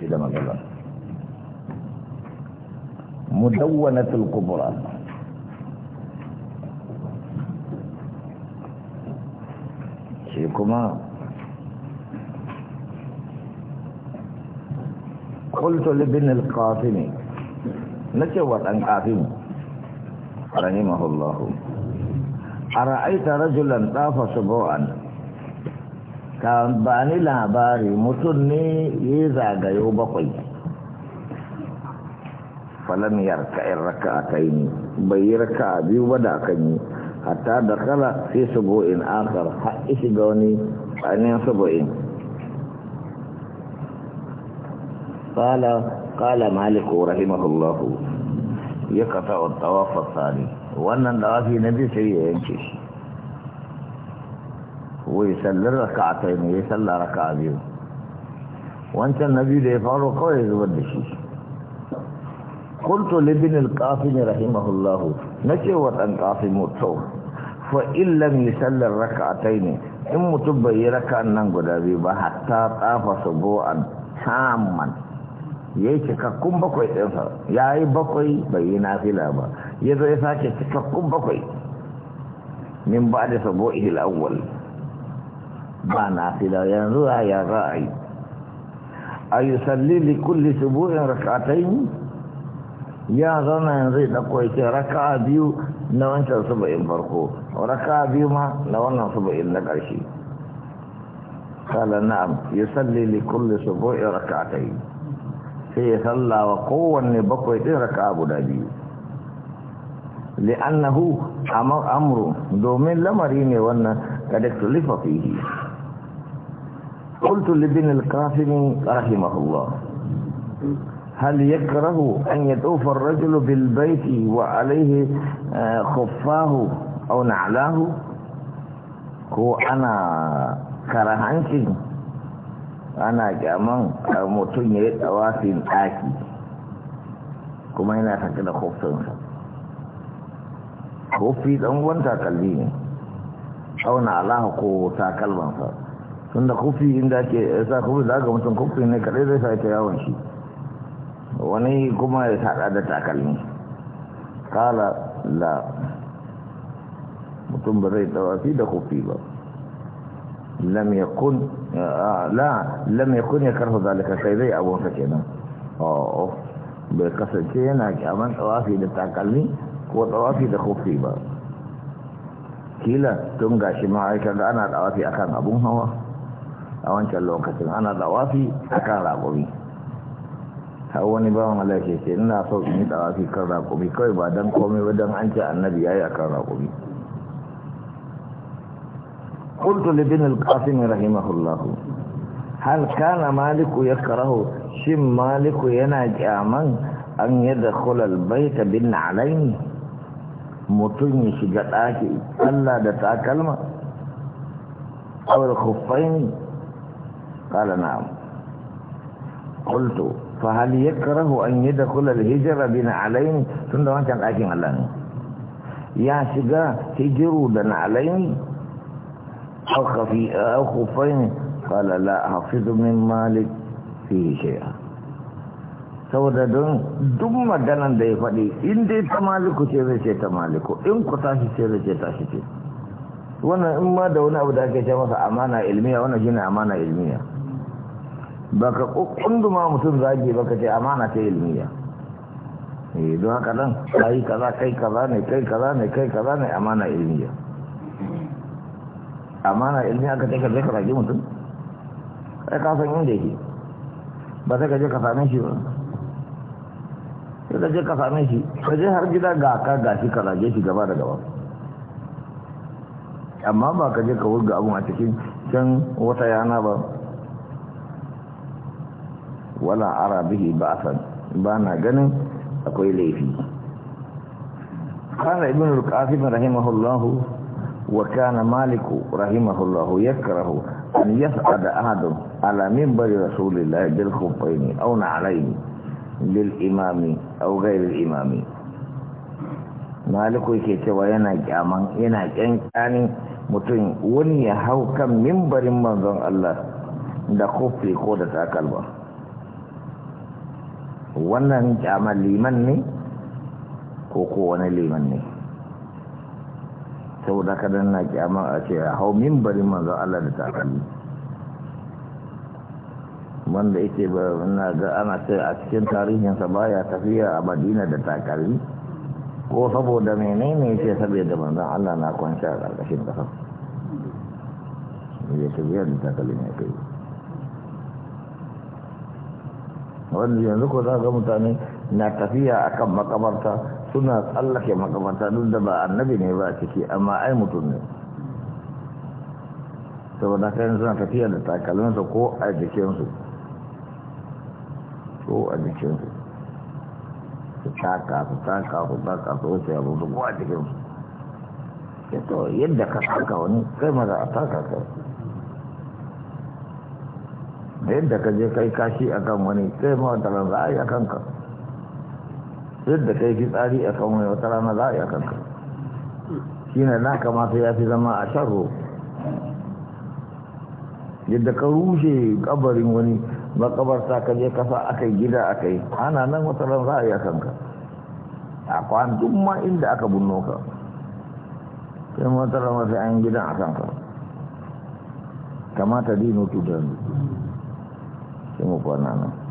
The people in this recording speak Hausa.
shi da magana مدونة kubra شيكما قلت لابن القاسم نتوى عن قاسم رحمه الله أرأيت رجلا طاف سبوعا ka ba ni labari mutum ne ya zagayo bakwai falam yarka in raka a ne bai yi raka a biyu ba da aka yi hatta da kala sai in akar har ishi ga wani ainihin sabo'in kala kala maliku rahimahullahu ya kasa wa tawafa tsari wannan dawafi na biyu sai ya yanke shi wai sallar raka a kai ne ya salla raka a biyu wancan na biyu da ya faru kawai zubar da shi kultu libin alƙafin rahimahullahu na ce wa ɗan ƙafin mutu fa illam yi sallar raka a kai ne in mutum bai yi raka nan guda biyu ba hatta tsafa subu'an ya yi cikakkun bakwai ɗinsa ya yi bakwai bai yi nafila ba ya zo sake cikakkun bakwai min ba da sabo ihil awwal ba fila yanzu a ya za a yi a yi salli likulli subu'in rakatai ya zauna yanzu ya ɗauko ya ce raka biyu na wancan suba'in farko raka biyu ma na wannan suba'in na ƙarshe kala na'am ya salli likulli subu'in rakatai sai ya sallawa kowanne bakwai ɗin raka guda biyu li'annahu amr domin lamari ne wannan kada tulifa fihi قلت لابن القاسم رحمه الله هل يكره أن يطوف الرجل بالبيت وعليه خفاه أو نعلاه هو أنا كرهانك أنا كمان متن يتوافي الآكي كما هنا فكذا خفتنك خفي تنوان تاكلين أو نعلاه كو تاكلمان فاك tunda kufi inda ake sa kufi da aka mutum kufi ne kadai zai sa ta yawon shi wani kuma ya sada da takalmi kala la mutum ba zai tawafi da kufi ba lam ya la ya karfa zalika sai zai abun sa kenan oh bai kasance yana kyaman tsawafi da takalmi ko tsawafi da kufi ba kila tun gashi ma aika ga ana tawafi akan abun hawa a wancan lokacin ana wafi a kan raƙumi har wani ba wani ke ce ina sau su yi tsawafi kan raƙumi kawai ba don komai ba don an ce annabi ya yi a kan raƙumi ƙultu libin alƙasin rahimahullahu hal kana maliku ya karahu shin maliku yana kyaman an yi da kulal ta bin alaini mutum ya shiga ɗaki Allah da takalma Kawar kufai ne, قال نعم قلت فهل يكره أن يدخل الهجر بن علين تند وان كان أكين الله يا شجا هجر بن علين أو خفي أو خفين قال لا حفظ من مالك فيه شيئا don duk maganan da ya faɗi in dai ta maliku ce zai ce ta maliku in ku tashi ce zai ce tashi ce wannan in ma da wani abu da ake ce masa amana ilmiya wannan shine amana ilmiya baka kunduma mutum zage baka ce amana ta ilmiya eh don haka nan kai kaza kai kaza ne kai kaza ne kai kaza ne amana ilmiya amana ilmiya ka take zaka rage mutum kai ka san inda yake ba sai ka je ka same shi ba sai ka je ka same shi ka je har gida ga ka ga shi ka rage shi gaba da gaba amma ba ka je ka wurga abun a cikin can wata yana ba wala ara bihi ba'san ba na ganin akwai laifi qala ibn al-qasim rahimahullahu wa kana malik rahimahullahu yakrahu an yas'ad ahadun ala minbar rasulillahi bil khuffain aw na'alayhi lil imam aw ghayr al imam malik yake cewa yana kyaman yana kyankani mutum wani ya hau kan mimbarin manzon Allah da kofi ko da takalma wannan kyama liman ne ko ko wani liman ne saboda kadan na kyama a ce a hau bari manzo Allah da takalmi wanda yake ba na ga ana ce a cikin tarihinsa baya tafiya a madina da takalmi ko saboda menene ce saboda manzo Allah na kwanci a ƙarƙashin ƙasa ya tafiya da takalmi ya kai wanda yanzu ko za ga mutane na tafiya akan makamarta suna tsallake makamarta duk da ba annabi ne ba ciki amma ai mutum ne saboda kayan suna tafiya da takalminsa ko a jikinsu ko a jikinsu su taka su taka su taka su wuce abu duk a jikinsu yadda ka taka wani kai maza a taka kai yadda ka je kai kashi akan wani sai ma wata rana za a yi akan ka yadda kai a akan wani wata rana za a yi akan ka shi ne na kamata ya fi zama a sharro yadda ka rushe kabarin wani makabarta ka je kasa kai gida a kai ana nan wata rana za a yi akan ka a kwan duk ma inda aka bunno ka sai wata ran sai an gidan akan ka kamata dino tudan sai mu kwana nan